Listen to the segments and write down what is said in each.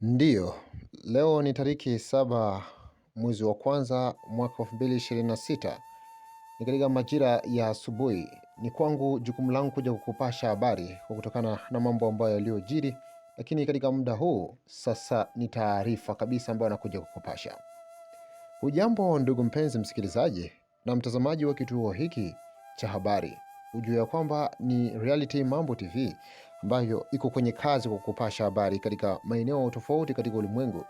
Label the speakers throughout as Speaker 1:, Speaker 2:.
Speaker 1: Ndiyo, leo ni tariki saba mwezi wa kwanza mwaka elfu mbili ishirini na sita ni katika majira ya asubuhi. Ni kwangu jukumu langu kuja kukupasha habari kwa kutokana na mambo ambayo yaliyojiri, lakini katika muda huu sasa ni taarifa kabisa ambayo anakuja kukupasha. Hujambo ndugu mpenzi msikilizaji na mtazamaji wa kituo hiki cha habari, hujue ya kwamba ni Reality Mambo TV ambayo iko kwenye kazi kwa kupasha habari katika maeneo tofauti katika ulimwengu,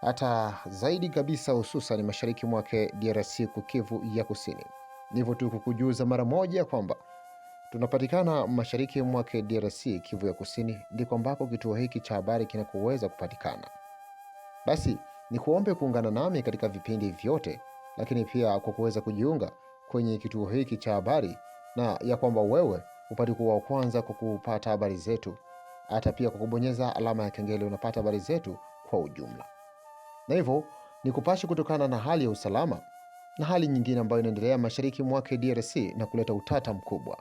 Speaker 1: hata zaidi kabisa, hususan mashariki mwake DRC kukivu ya kusini. Nivyo tu kukujuza mara moja kwamba tunapatikana mashariki mwake DRC Kivu ya kusini, ndiko ambako kituo hiki cha habari kinakoweza kupatikana. Basi ni kuombe kuungana nami katika vipindi vyote, lakini pia kwa kuweza kujiunga kwenye kituo hiki cha habari, na ya kwamba wewe upate kuwa wa kwanza kwa kupata habari zetu. Hata pia kwa kubonyeza alama ya kengele unapata habari zetu kwa ujumla, na hivyo ni kupashi kutokana na hali ya usalama na hali nyingine ambayo inaendelea mashariki mwake DRC na kuleta utata mkubwa,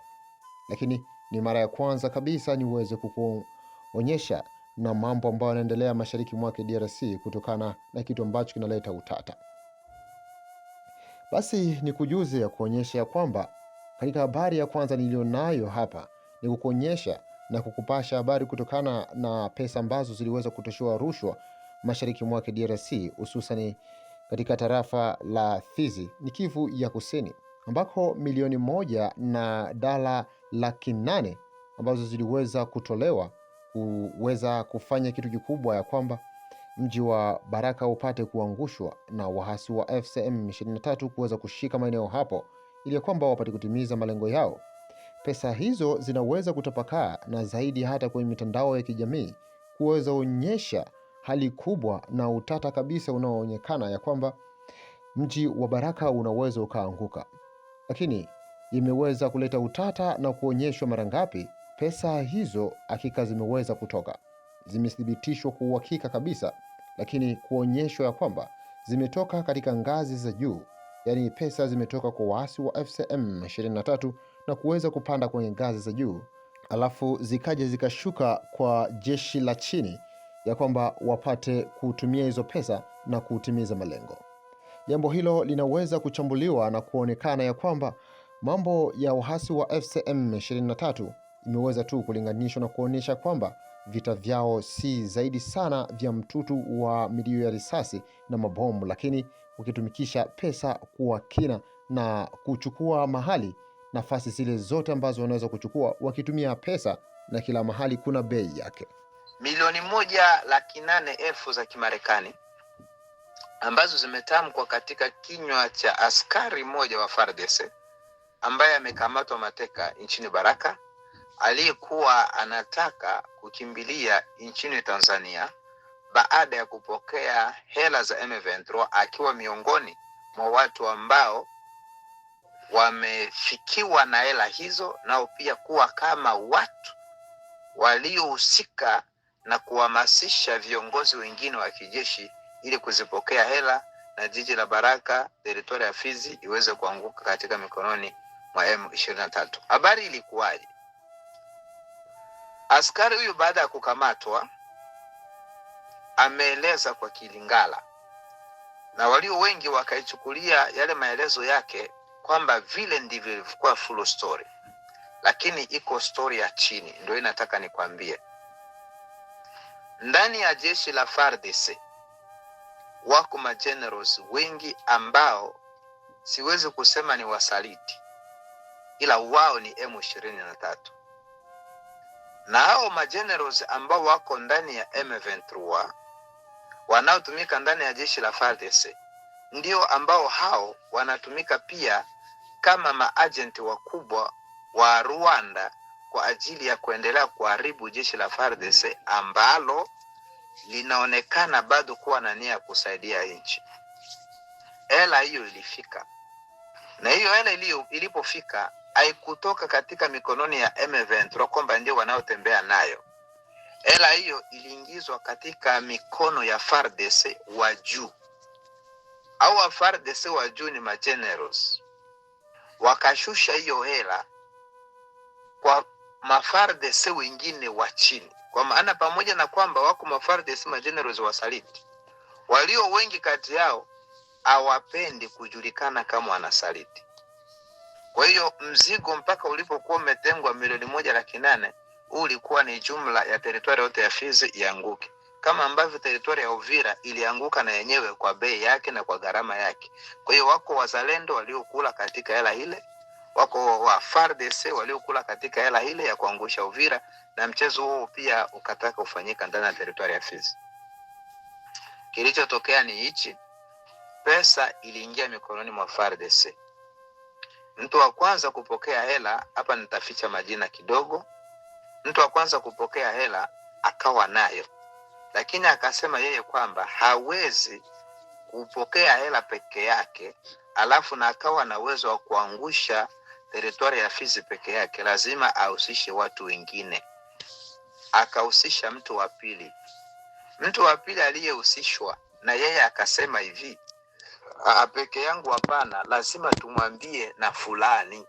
Speaker 1: lakini ni mara ya kwanza kabisa niweze kukuonyesha na mambo ambayo yanaendelea mashariki mwake DRC kutokana na kitu ambacho kinaleta utata. Basi ni kujuze ya kuonyesha ya kwamba katika habari ya kwanza niliyonayo hapa ni kukuonyesha na kukupasha habari kutokana na pesa ambazo ziliweza kutoshewa rushwa mashariki mwake DRC, hususani katika tarafa la Fizi ni Kivu ya Kusini, ambako milioni moja na dala laki nane ambazo ziliweza kutolewa kuweza kufanya kitu kikubwa ya kwamba mji wa Baraka upate kuangushwa na waasi wa FCM 23 kuweza kushika maeneo hapo ili ya kwamba wapate kutimiza malengo yao. Pesa hizo zinaweza kutapakaa na zaidi hata kwenye mitandao ya kijamii kuweza onyesha hali kubwa na utata kabisa unaoonekana ya kwamba mji wa Baraka unaweza ukaanguka, lakini imeweza kuleta utata na kuonyeshwa mara ngapi pesa hizo hakika zimeweza kutoka, zimethibitishwa kwa uhakika kabisa, lakini kuonyeshwa ya kwamba zimetoka katika ngazi za juu yaani pesa zimetoka kwa waasi wa FCM 23 na kuweza kupanda kwenye ngazi za juu, alafu zikaja zikashuka kwa jeshi la chini, ya kwamba wapate kutumia hizo pesa na kutimiza malengo. Jambo hilo linaweza kuchambuliwa na kuonekana ya kwamba mambo ya waasi wa FCM 23 imeweza tu kulinganishwa na kuonyesha kwamba vita vyao si zaidi sana vya mtutu wa milio ya risasi na mabomu, lakini ukitumikisha pesa kuwa kina na kuchukua mahali nafasi zile zote ambazo wanaweza kuchukua wakitumia pesa, na kila mahali kuna bei yake.
Speaker 2: Milioni moja laki nane elfu za Kimarekani ambazo zimetamkwa katika kinywa cha askari mmoja wa FARDC ambaye amekamatwa mateka nchini Baraka, aliyekuwa anataka kukimbilia nchini Tanzania baada ya kupokea hela za M23 akiwa miongoni mwa watu ambao wamefikiwa na hela hizo, nao pia kuwa kama watu waliohusika na kuhamasisha viongozi wengine wa kijeshi ili kuzipokea hela na jiji la Baraka teritoria ya Fizi iweze kuanguka katika mikononi mwa M23. Habari ilikuwaje? Askari huyu baada ya kukamatwa ameeleza kwa Kilingala na walio wengi wakaichukulia yale maelezo yake kwamba vile ndivyo ilivyokuwa full story, lakini iko story ya chini, ndio inataka nikwambie. Ndani ya jeshi la FARDC wako magenerals wengi ambao siwezi kusema ni wasaliti, ila wao ni M23 na hao magenerals ambao wako ndani ya M23 wanaotumika ndani ya jeshi la FARDC ndio ambao hao wanatumika pia kama maajenti wakubwa wa Rwanda kwa ajili ya kuendelea kuharibu jeshi la FARDC ambalo linaonekana bado kuwa na nia ya kusaidia nchi. Hela hiyo ilifika, na hiyo hela ilipofika haikutoka katika mikononi ya M23 kwamba ndio wanaotembea nayo Hela hiyo iliingizwa katika mikono ya FARDC wa juu au FARDC wa juu ni magenerals, wakashusha hiyo hela kwa mafardese wengine wa chini, kwa maana pamoja na kwamba wako mafardese wa wasaliti, walio wengi kati yao hawapendi kujulikana kama wanasaliti. Kwa hiyo mzigo mpaka ulipokuwa umetengwa milioni moja laki nane huu ulikuwa ni jumla ya teritwari yote ya Fizi ianguke, kama ambavyo teritwari ya Uvira ilianguka na yenyewe kwa bei yake na kwa gharama yake. Kwa hiyo wako wazalendo waliokula katika hela ile, wako wa FARDC waliokula katika hela ile ya kuangusha Uvira, na mchezo huo pia ukataka ufanyika ndani ya teritwari ya Fizi. Kilichotokea ni hichi, pesa iliingia mikononi mwa FARDC. Mtu wa kwanza kupokea hela hapa, nitaficha majina kidogo mtu wa kwanza kupokea hela akawa nayo, lakini akasema yeye kwamba hawezi kupokea hela peke yake, alafu na akawa na uwezo wa kuangusha teritwari ya Fizi peke yake, lazima ahusishe watu wengine. Akahusisha mtu wa pili, mtu wa pili aliyehusishwa na yeye akasema hivi, ah, peke yangu hapana, lazima tumwambie na fulani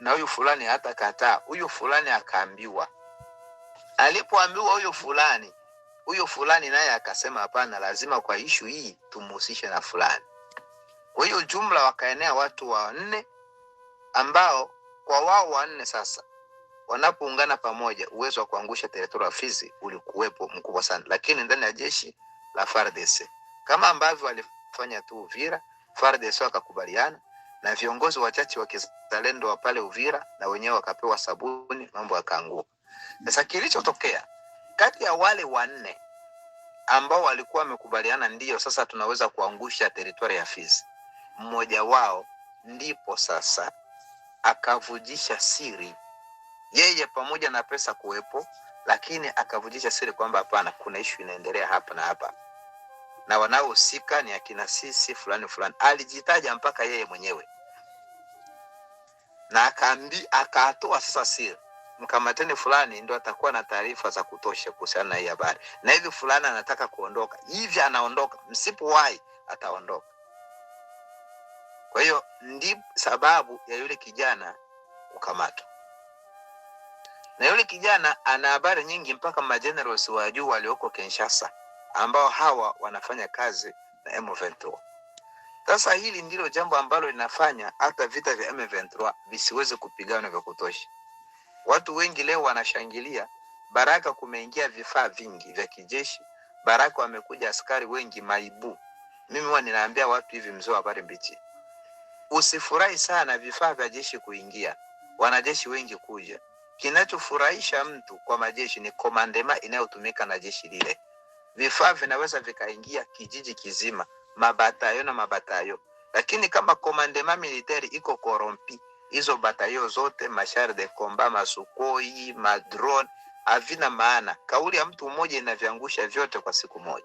Speaker 2: na huyu fulani hata kataa, huyu fulani akaambiwa. Alipoambiwa huyu fulani, huyu fulani naye akasema hapana, lazima kwa ishu hii tumhusishe na fulani. Kwa hiyo jumla wakaenea watu wanne, ambao kwa wao wanne sasa wanapoungana pamoja uwezo wa kuangusha teritoria Fizi ulikuwepo mkubwa sana, lakini ndani ya jeshi la fardese kama ambavyo walifanya tu Uvira, fardese wakakubaliana na viongozi wachache wa kizalendo wa pale Uvira na wenyewe wakapewa sabuni, mambo yakaanguka. Sasa kilichotokea kati ya wale wanne ambao walikuwa wamekubaliana ndiyo sasa tunaweza kuangusha teritwari ya Fizi, mmoja wao ndipo sasa akavujisha siri, yeye pamoja na pesa kuwepo, lakini akavujisha siri kwamba hapana, kuna ishu inaendelea hapa na hapa na wanaohusika ni akina sisi fulani fulani. Alijitaja mpaka yeye mwenyewe na akaambi akatoa sasa siri, mkamateni fulani, ndo atakuwa na taarifa za kutosha kuhusiana na hii habari, na hivi fulani anataka kuondoka hivi, anaondoka msipowahi ataondoka. Kwa hiyo ndi sababu ya yule kijana kukamatwa, na yule kijana ana habari nyingi mpaka majenerals wa juu walioko Kinshasa ambao hawa wanafanya kazi na M23. Sasa hili ndilo jambo ambalo linafanya hata vita vya M23 visiweze kupigana vya kutosha. Watu wengi leo wanashangilia Baraka, kumeingia vifaa vingi vya kijeshi Baraka, wamekuja askari wengi maibu. Mimi huwa ninaambia watu hivi, mzee wa habari mbichi, usifurahi sana vifaa vya jeshi kuingia, wanajeshi wengi kuja. Kinachofurahisha mtu kwa majeshi ni komandema inayotumika na jeshi lile vifaa vinaweza vikaingia kijiji kizima, mabatayo na mabatayo. Lakini kama komandema militari iko korompi, hizo batayo zote mashare de komba, masukoi, madron havina maana. Kauli ya mtu mmoja inavyangusha vyote kwa siku moja,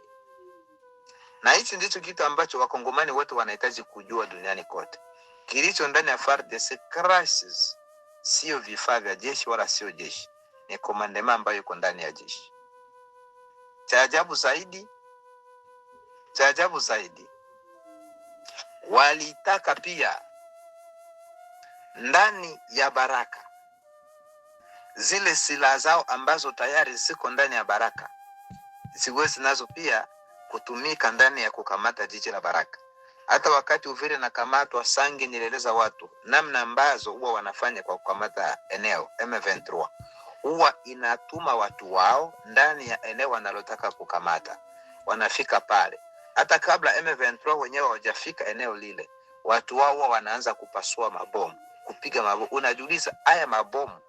Speaker 2: na hichi ndicho kitu ambacho wakongomani wote wanahitaji kujua duniani kote. Kilicho ndani ya FARDC crisis sio vifaa vya jeshi wala sio jeshi, ni komandema ambayo iko ndani ya jeshi. Cha ajabu zaidi, cha ajabu zaidi, walitaka pia ndani ya baraka zile silaha zao ambazo tayari ziko ndani ya baraka ziwezi nazo pia kutumika ndani ya kukamata jiji la baraka. Hata wakati Uvira nakamatwa, Sange nilieleza watu namna ambazo huwa wanafanya kwa kukamata eneo M23 huwa inatuma watu wao ndani ya eneo wanalotaka kukamata. Wanafika pale hata kabla M23 wenyewe hawajafika eneo lile, watu wao huwa wanaanza kupasua mabomu, kupiga mabomu. Unajiuliza, haya mabomu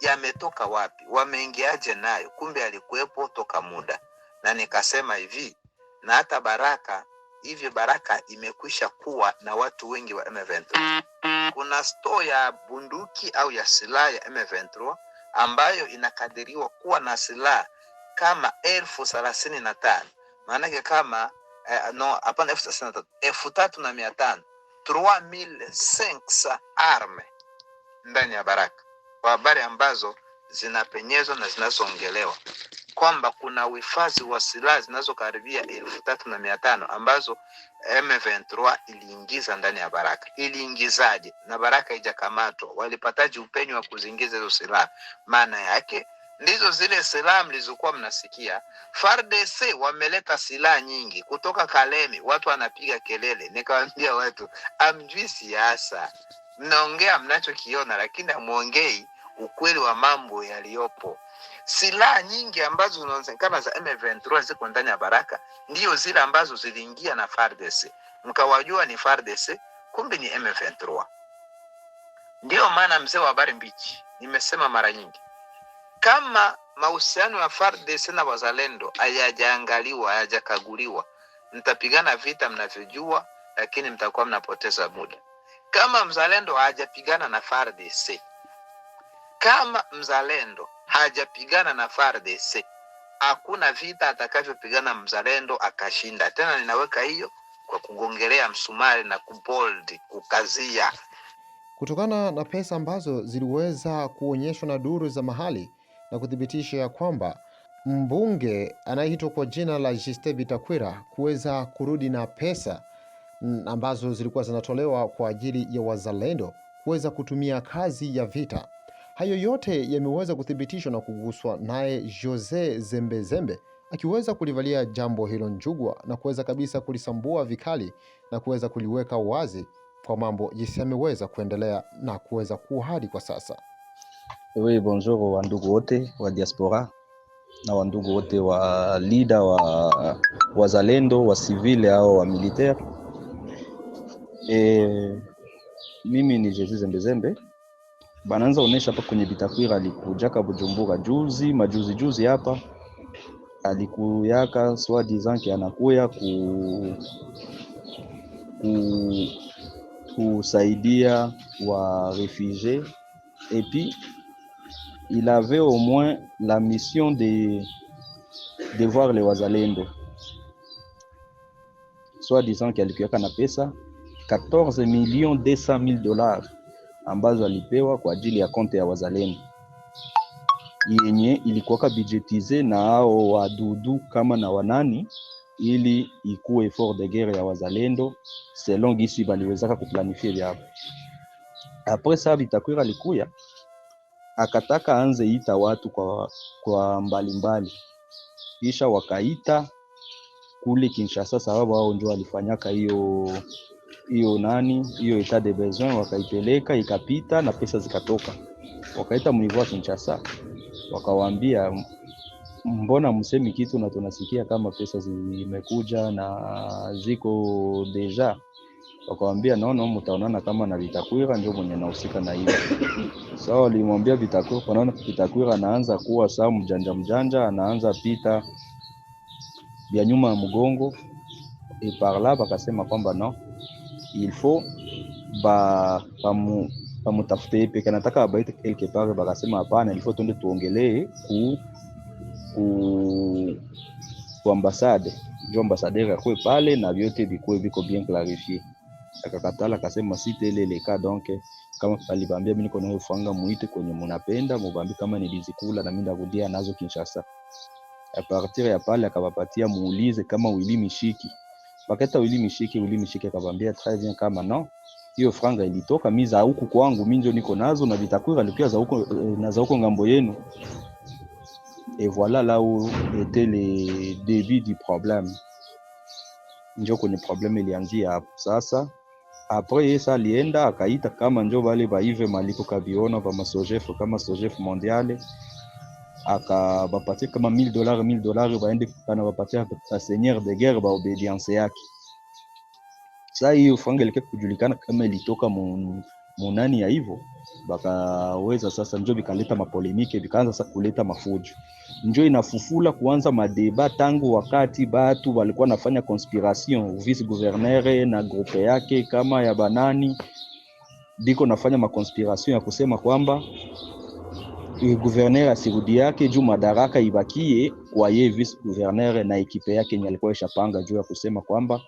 Speaker 2: yametoka ya wapi? Wameingiaje nayo? Kumbe alikuwepo toka muda. Na nikasema hivi, na hata Baraka hivi, Baraka imekwisha kuwa na watu wengi wa M23. Kuna store ya bunduki au ya silaha ya M23 ambayo inakadiriwa kuwa na silaha kama elfu thelathini na tano maanake kama eh, no elfu thelathini na tatu elfu tatu na mia tano 3500 arme ndani ya Baraka, kwa habari ambazo zinapenyezwa na zinazoongelewa kwamba kuna uhifadhi wa silaha zinazokaribia elfu tatu na mia tano ambazo M23 iliingiza ndani ya Baraka. Iliingizaje? na Baraka haijakamatwa, walipataje upenyo wa kuzingiza hizo silaha? Maana yake ndizo zile silaha mlizokuwa mnasikia FARDC wameleta silaha nyingi kutoka Kalemi, watu wanapiga kelele. Nikawaambia watu, amjui siasa, mnaongea mnachokiona, lakini amwongei ukweli wa mambo yaliyopo. Silaha nyingi ambazo zinaonekana za M23 ziko ndani ya Baraka ndiyo zile ambazo ziliingia na FARDC, mkawajua ni FARDC, kumbe ni M23. Ndio maana mzee wa habari mbichi, nimesema mara nyingi, kama mahusiano ya FARDC na wazalendo hayajaangaliwa, hayajakaguliwa, mtapigana vita mnavyojua, lakini mtakuwa mnapoteza muda. Kama mzalendo hajapigana na FARDC, kama mzalendo hajapigana na FARDC. Hakuna vita atakavyopigana mzalendo akashinda. Tena ninaweka hiyo kwa kugongelea msumari na kubold, kukazia.
Speaker 1: Kutokana na pesa ambazo ziliweza kuonyeshwa na duru za mahali na kuthibitisha ya kwamba mbunge anayeitwa kwa jina la Justin Bitakwira kuweza kurudi na pesa ambazo zilikuwa zinatolewa kwa ajili ya wazalendo kuweza kutumia kazi ya vita. Hayo yote yameweza kuthibitishwa na kuguswa naye Jose Zembezembe akiweza kulivalia jambo hilo Njugwa na kuweza kabisa kulisambua vikali na kuweza kuliweka wazi kwa mambo jinsi yameweza kuendelea na kuweza kuwa hadi kwa sasa.
Speaker 3: Oui, bonjour wandugu wote wa diaspora na wandugu wote wa lida wa wazalendo wa civile au wa militaire. E, mimi ni Jesus Zembezembe Bananza onesha hapa kwenye Bitakwira, alikujaka Bujumbura juzi majuzi juzi hapa alikuyaka swadi zanke anakuya ku, ku kusaidia wa refugie et puis il avait au moins la mission de de voir les wazalendo soit disant a na pesa 14 millions 200 000 dollars ambazo alipewa kwa ajili ya konte ya wazalendo yenye ilikuwaka budgetize na hao wadudu kama na wanani, ili ikuwe effort de guerre ya wazalendo selon gisi baliwezaka kuplanifie vyapo Apres sa Vitakwira alikuya akataka anze ita watu kwa, kwa mbalimbali kisha wakaita kule Kinshasa sababu hao ndio walifanyaka hiyo hiyo nani hiyo etat de besoin wakaipeleka ikapita na pesa zikatoka, wakaita wa Kinshasa, wakawaambia mbona msemi kitu na tunasikia kama pesa zimekuja na ziko deja. Wakawambia naona mtaonana kama na Vitakwira ndio mwenye nahusika na hiyo sa so, walimwambia Vitakwira, Vitakwira anaanza kuwa saa mjanja mjanja, anaanza pita vya nyuma ya mgongo iparla, wakasema kwamba no il faut ba ba mu pe kana taka ba ite quelque part, ba bakasema hapana, faut tonde tuongele ku ku ku ambassade jo ambassade ka kwe pale na vyote vikwe viko bien clarifie. Akakatala akasema ka donc kama alibambia mimi niko na ufanga muite kwenye munapenda mubambi kama nilizikula na mimi ndakudia nazo Kinshasa. A partir ya pale akabapatia muulize kama wili mishiki paketa uli mishike uli mishike, akabambia très kama no, hiyo franga ilitoka mi za huku kwangu, mi ndio niko nazo na vitakura lipia za huko eh, na za huko ngambo yenu. Et voilà là où était le début du problème, njo kwenye problem ilianzia hapo sasa. ye sa alienda akaita kama njo vale vaive maliko kaviona va masojefu kama sojefu mondiale akabapatia kama 1000 dollars 1000 dollars, baende kana bapatia anabapatia seigneur de guerre ba obedience yake. Sasa hiyo franga ilikuwa kujulikana kama ilitoka mu munani ya hivyo, bakaweza sasa, njoo bikaleta mapolemike, bikaanza sasa kuleta mafujo, njoo inafufula kuanza madeba tangu wakati batu walikuwa nafanya conspiration, vice gouverneur na groupe yake kama ya banani diko nafanya makonspiration ya kusema kwamba guverner asirudi yake juu madaraka ibakie kwa ye vice guverner na ekipe yake yenye alikuwa ishapanga juu ya kusema kwamba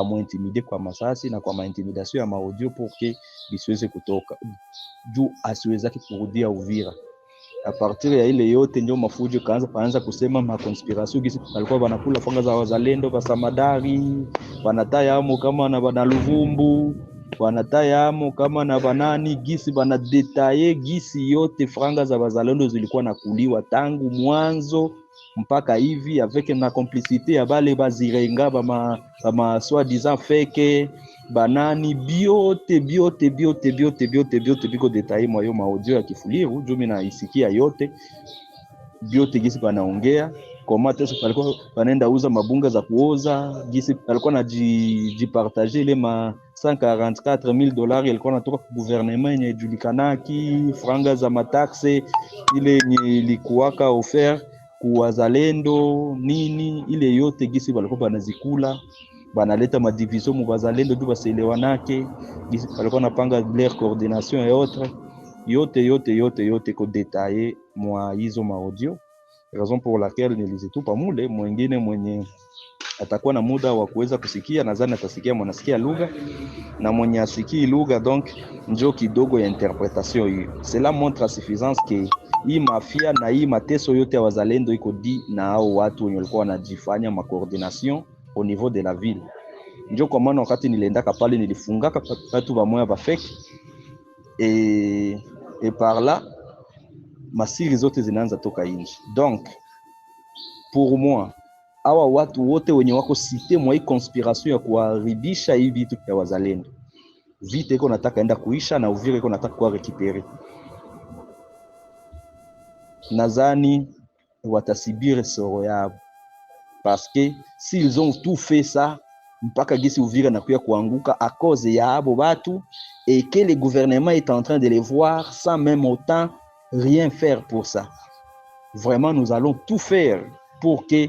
Speaker 3: amuintimide kwa masasi na kwa maintimidation ya maudio pourke bisiweze kutoka juu asiwezake kurudia Uvira. A partir ya ile yote ndio mafujo kaanza paanza kusema ma conspiration gisi walikuwa wanakula panga za wazalendo basamadari amo kama na bana Luvumbu banatayamu kama na banani gisi banadetaye gisi yote franga za bazalendo zilikuwa nakuliwa tangu mwanzo mpaka hivi avec na complicité ya bale bazirenga bama, bama soi disant feke banani biote biote biote biote biote biote biko detaye mwayo maaudio ya kifuliru juu mina isikia yote biote gisi banaongea koma tesa palikuwa panaenda uza mabunga za kuoza gisi palikuwa na jipartage ile ma 144 mil dolari ilikuwa natoka ku guvernema yenye ijulikanaki franga za mataxe ile yenye ilikuwaka ofer kuwazalendo nini, ile yote gisi balikuwa banazikula banaleta madivision mu bazalendo juu baselewanake, gisi balikuwa napanga leur coordination et autres yote yote yote yote ko detaye mwa hizo maudio, raison pour laquelle nilizitupa mule. Eh, mwengine mwenye atakuwa na muda wa kuweza kusikia. Nadhani atasikia mwanasikia lugha na mwenye asikii lugha, donc njo kidogo ya interpretation hiyo. Cela montre suffisance ke hii mafia na hii mateso yote ya wazalendo iko di na hao watu wenye walikuwa wanajifanya ma coordination au niveau de la ville. Njo kwa maana wakati niliendaka pale nilifungaka watu wamoya bafeki et, et par là masiri zote zinaanza toka inji donc pour moi hawa watu wote wenye wako site mwa hii ya kuharibisha hii vitu vya wazalendo, vita iko nataka enda kuisha na Uvira iko nataka kuwa rekipere. Nadhani watasibire soro yao parce que s'ils ont tout fait ça mpaka gisi Uvira nakuya kuanguka a cause ya abo batu et que le gouvernement est en train de les voir sans même autant rien faire pour ça. Vraiment, nous allons tout faire pour que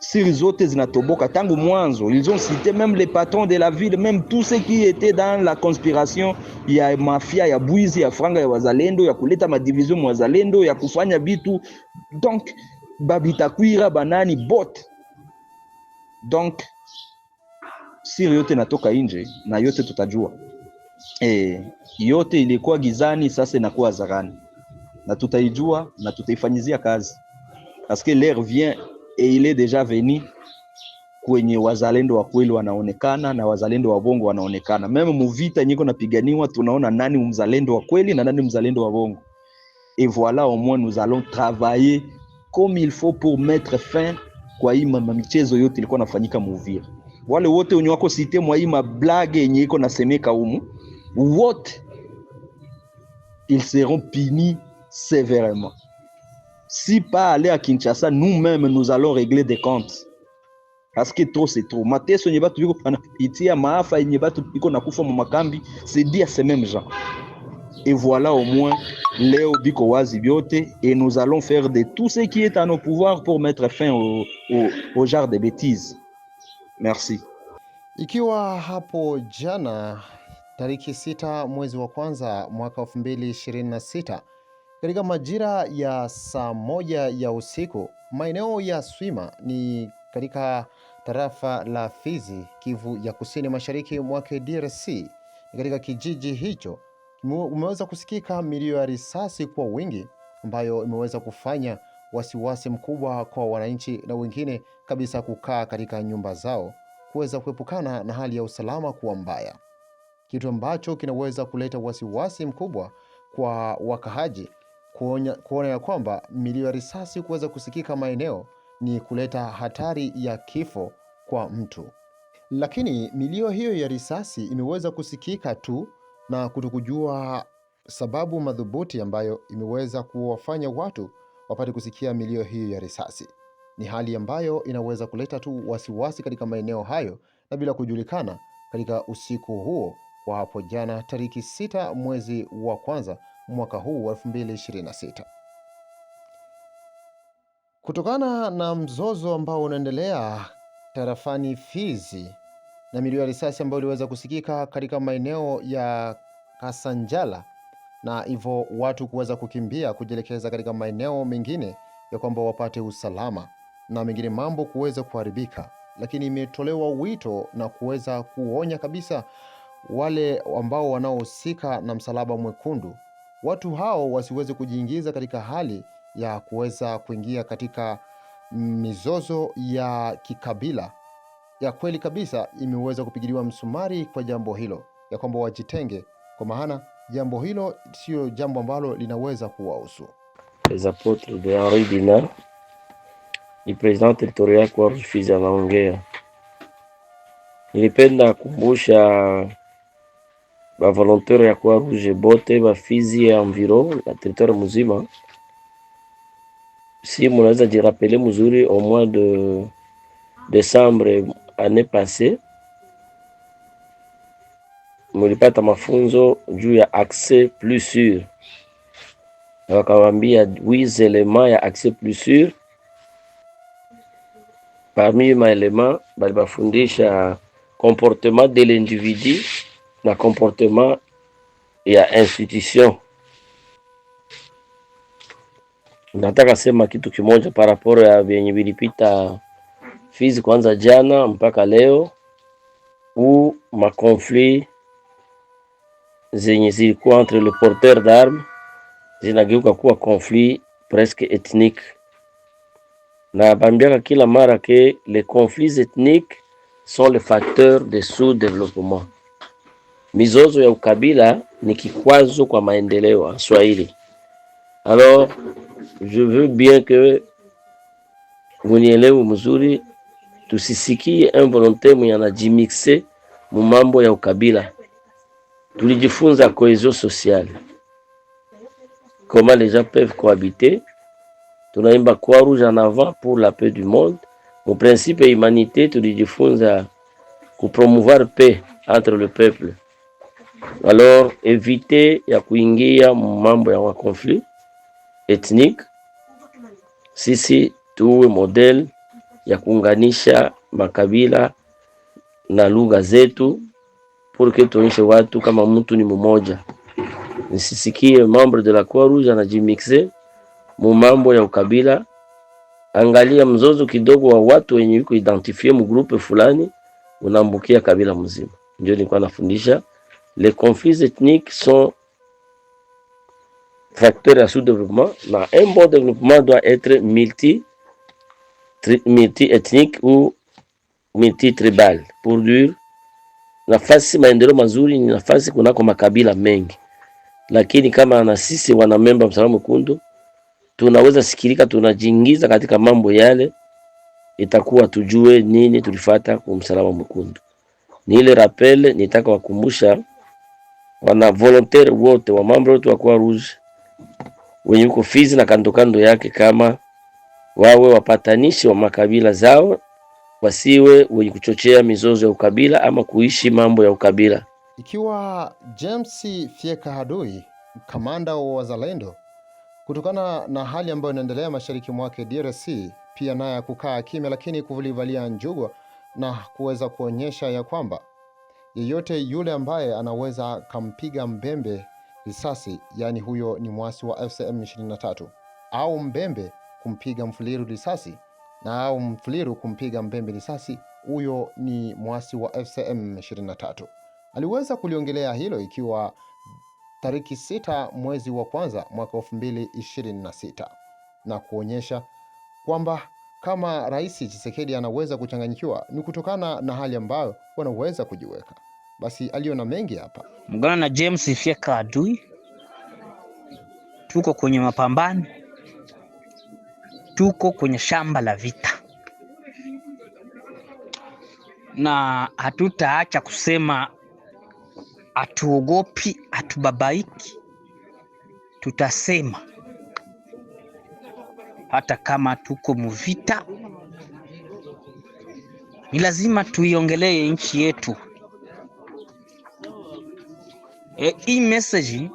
Speaker 3: siri zote zinatoboka tangu mwanzo. Ils ont cité même les patrons de la ville, même tous ceux qui étaient dans la conspiration ya mafia ya bwizi ya franga ya wazalendo ya kuleta madivision il wazalendo ya kufanya vitu donc babitakwira banani bote donc siri yote natoka nje na yote tutajua. E, yote ilikuwa gizani, sasa inakuwa zarani, na tutaijua na tutaifanyizia kazi parce que l'air vient e ile deja veni kwenye wazalendo wa kweli wanaonekana na wazalendo wa bongo wanaonekana. Meme muvita nyiko napiganiwa, tunaona nani mzalendo wa kweli na nani mzalendo wa bongo. Et voilà au moins nous allons travailler comme il faut pour mettre fin kwa hii michezo yote ilikuwa nafanyika Muvira. Wale wote wenye wako site mwa hii mablage yenye iko nasemeka humu wote ils seront punis sévèrement. Si pas aller à Kinshasa, nous-mêmes, nous allons régler des comptes. Parce que trop, c'est trop. Mateso nyebato yuko pana itia maafa nyebato yuko nakufa mumakambi, c'est dit à ces mêmes gens. Et voilà au moins Léo biko wazi biote et nous allons faire de tout ce qui est à nos pouvoirs pour mettre fin au, au, au genre de bêtises. Merci.
Speaker 1: Ikiwa hapo jana tariki sita mwezi wa kwanza mwaka 2026 katika majira ya saa moja ya usiku, maeneo ya Swima ni katika tarafa la Fizi, Kivu ya Kusini Mashariki mwake DRC. Ni katika kijiji hicho umeweza kusikika milio ya risasi kwa wingi ambayo imeweza kufanya wasiwasi mkubwa kwa wananchi na wengine kabisa kukaa katika nyumba zao kuweza kuepukana na hali ya usalama kuwa mbaya, kitu ambacho kinaweza kuleta wasiwasi mkubwa kwa wakahaji kuonya, kuona ya kwamba milio ya risasi kuweza kusikika maeneo ni kuleta hatari ya kifo kwa mtu. Lakini milio hiyo ya risasi imeweza kusikika tu na kutokujua sababu madhubuti ambayo imeweza kuwafanya watu wapate kusikia milio hiyo ya risasi. Ni hali ambayo inaweza kuleta tu wasiwasi wasi katika maeneo hayo na bila kujulikana katika usiku huo wa hapo jana tariki sita mwezi wa kwanza mwaka huu wa 2026. Kutokana na mzozo ambao unaendelea tarafani Fizi na milio ya risasi ambayo iliweza kusikika katika maeneo ya Kasanjala na hivyo watu kuweza kukimbia kujielekeza katika maeneo mengine ya kwamba wapate usalama na mengine mambo kuweza kuharibika, lakini imetolewa wito na kuweza kuonya kabisa wale ambao wanaohusika na Msalaba Mwekundu watu hao wasiweze kujiingiza katika hali ya kuweza kuingia katika mizozo ya kikabila ya kweli kabisa imeweza kupigiliwa msumari kwa jambo hilo, ya kwamba wajitenge, kwa maana jambo hilo siyo jambo ambalo linaweza kuwahusu.
Speaker 4: Les apotres de Henri Dunant, ni president territorial kwa anaongea. Nilipenda kumbusha bavolontere ya Croix Rouge bote bafizi ya mviro na territoire muzima, si munaweza jirapele mzuri, au mois de décembre année passée mulipata mafunzo juu ya accès plus sûr, na wakawambia huit éléments ya accès plus sûr. Parmi maelema balibafundisha comportement de l'individu na comportement ya institution. Nataka sema kitu kimoja para rapport ya vyenye vilipita Fizi kwanza jana mpaka leo, u makonflit zenye zilikuwa entre le porteur d'arme zinageuka kuwa conflit presque ethnique, na bambiaka kila mara ke les conflits ethniques sont les facteurs de sous-développement Mizozo ya ukabila ni kikwazo kwa maendeleo ya Swahili. Alors je veux bien que munielewe mzuri, tusisikie involonte mwenye anajimise mu mambo ya ukabila. Tulijifunza cohesion sociale, comment les gens peuvent cohabiter. Tunaimba kwa rouge en avant pour la paix du monde. Mu principe ya humanite tulijifunza kupromouvoir paix entre le peuple alors evite ya kuingia mambo ya makonflit ethnike. Sisi tuwe model ya kuunganisha makabila na lugha zetu, porque tuonyeshe watu kama mtu ni mmoja. Nisisikie membre de la Croix-Rouge anajimise mu mambo ya ukabila. Angalia mzozo kidogo wa watu wenye iko identifie mu fulani, unaambukia kabila mzima. Ndio nilikuwa nafundisha les conflits ethniques sont facteurs à sous-développement. Un bon développement doit être multi, multi ou multi-tribal pour dire nafasi maendeleo mazuri ni nafasi kunako makabila mengi, lakini kama na sisi wanamemba Msalaba Mwekundu tunaweza sikilika, tunajiingiza katika mambo yale, itakuwa tujue nini tulifata kumsalaba mwekundu. Ni ile rappel nitaka wakumbusha wana volontaire wote wa mambo wote wa kwa Rouge wenye uko Fizi na kando kando yake, kama wawe wapatanishi wa makabila zao, wasiwe wenye kuchochea mizozo ya ukabila ama kuishi mambo ya ukabila.
Speaker 1: Ikiwa James Fieka Hadui, kamanda wa Wazalendo, kutokana na hali ambayo inaendelea mashariki mwake DRC, pia naye kukaa kimya, lakini kulivalia njugwa na kuweza kuonyesha ya kwamba yeyote yule ambaye anaweza kampiga Mbembe risasi, yaani huyo ni mwasi wa FCM 23, au Mbembe kumpiga Mfuliru risasi na au Mfuliru kumpiga Mbembe risasi, huyo ni mwasi wa FCM 23. Aliweza kuliongelea hilo ikiwa tariki sita mwezi wa kwanza mwaka 2026 na kuonyesha kwamba kama Rais Tshisekedi anaweza kuchanganyikiwa ni kutokana na hali ambayo wanaweza kujiweka. Basi aliona mengi hapa.
Speaker 5: Mungana na James Fyeka Adui, tuko kwenye mapambano, tuko kwenye shamba la vita na hatutaacha kusema, hatuogopi, hatubabaiki, tutasema hata kama tuko muvita, ni lazima tuiongelee nchi yetu. E, hii message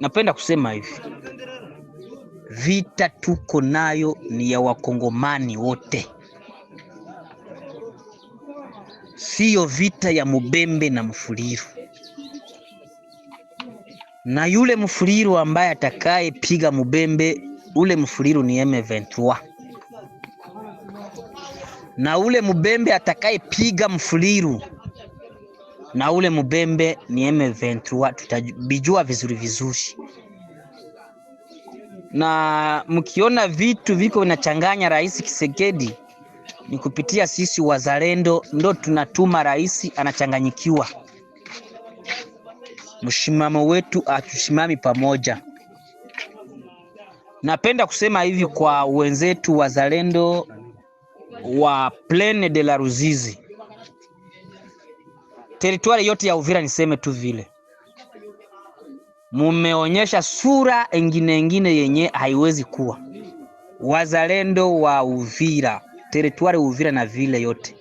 Speaker 5: napenda kusema hivi, vita tuko nayo ni ya wakongomani wote, siyo vita ya Mubembe na Mfuliru na yule Mfuliru ambaye atakayepiga Mubembe ule mfuliru ni M23 na ule mubembe atakayepiga mfuliru na ule mubembe ni M23, tutabijua vizuri vizuri. Na mkiona vitu viko vinachanganya Rais Kisekedi, ni kupitia sisi wazalendo ndo tunatuma rais anachanganyikiwa. Mshimamo wetu atusimami pamoja. Napenda kusema hivi kwa wenzetu wazalendo wa Plaine de la Ruzizi, teritwari yote ya Uvira, niseme tu vile mumeonyesha sura ingine ingine yenye haiwezi kuwa. Wazalendo wa Uvira, teritwari Uvira na vile yote,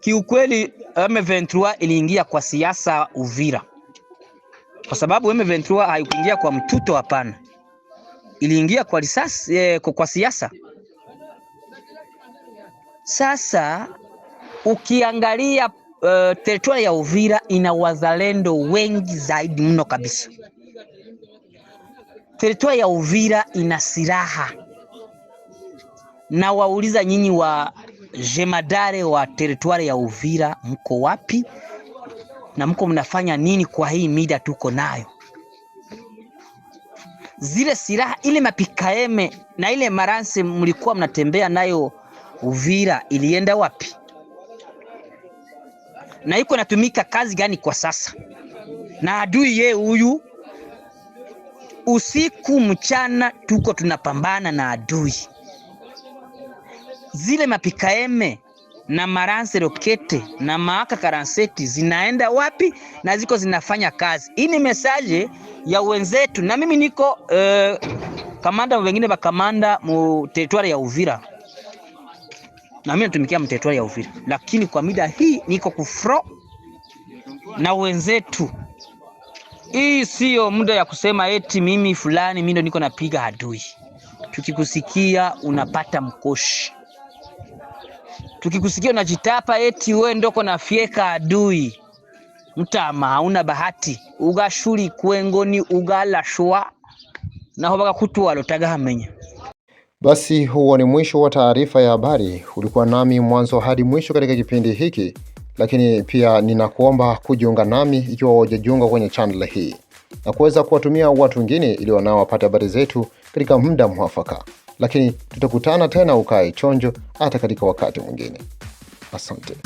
Speaker 5: kiukweli M23 iliingia kwa siasa Uvira kwa sababu M23 haikuingia kwa mtuto, hapana, iliingia kwa risasi eh, kwa siasa. Sasa ukiangalia uh, eh, teritoria ya Uvira ina wazalendo wengi zaidi mno kabisa. Teritoria ya Uvira ina silaha, na wauliza nyinyi wa jemadare wa teritoria ya Uvira, mko wapi? na mko mnafanya nini kwa hii mida tuko nayo? Zile silaha ile mapikaeme na ile maransi mlikuwa mnatembea nayo Uvira ilienda wapi? Na iko natumika kazi gani kwa sasa? Na adui ye huyu usiku mchana tuko tunapambana na adui. Zile mapikaeme na maranse rokete na maaka karanseti zinaenda wapi na ziko zinafanya kazi? Hii ni mesaje ya wenzetu, na mimi niko eh, kamanda wengine kamanda mu teritwari ya Uvira na mimi natumikia mu teritwari ya Uvira, lakini kwa mida hii niko kufro na wenzetu. Hii sio muda ya kusema eti mimi fulani mimi ndo niko napiga adui. Tukikusikia unapata mkoshi Tukikusikia unajitapa eti wewe ndoko na fieka adui, mtama hauna bahati ugashuli kwengoni ugalashwa naho bakakutwala tagahamenya
Speaker 1: Basi huo ni mwisho wa taarifa ya habari. Ulikuwa nami mwanzo hadi mwisho katika kipindi hiki, lakini pia ninakuomba kujiunga nami ikiwa hujajiunga kwenye channel hii na kuweza kuwatumia watu wengine ili wanao wapate habari zetu katika muda mwafaka lakini tutakutana tena, ukae chonjo hata katika wakati mwingine. Asante.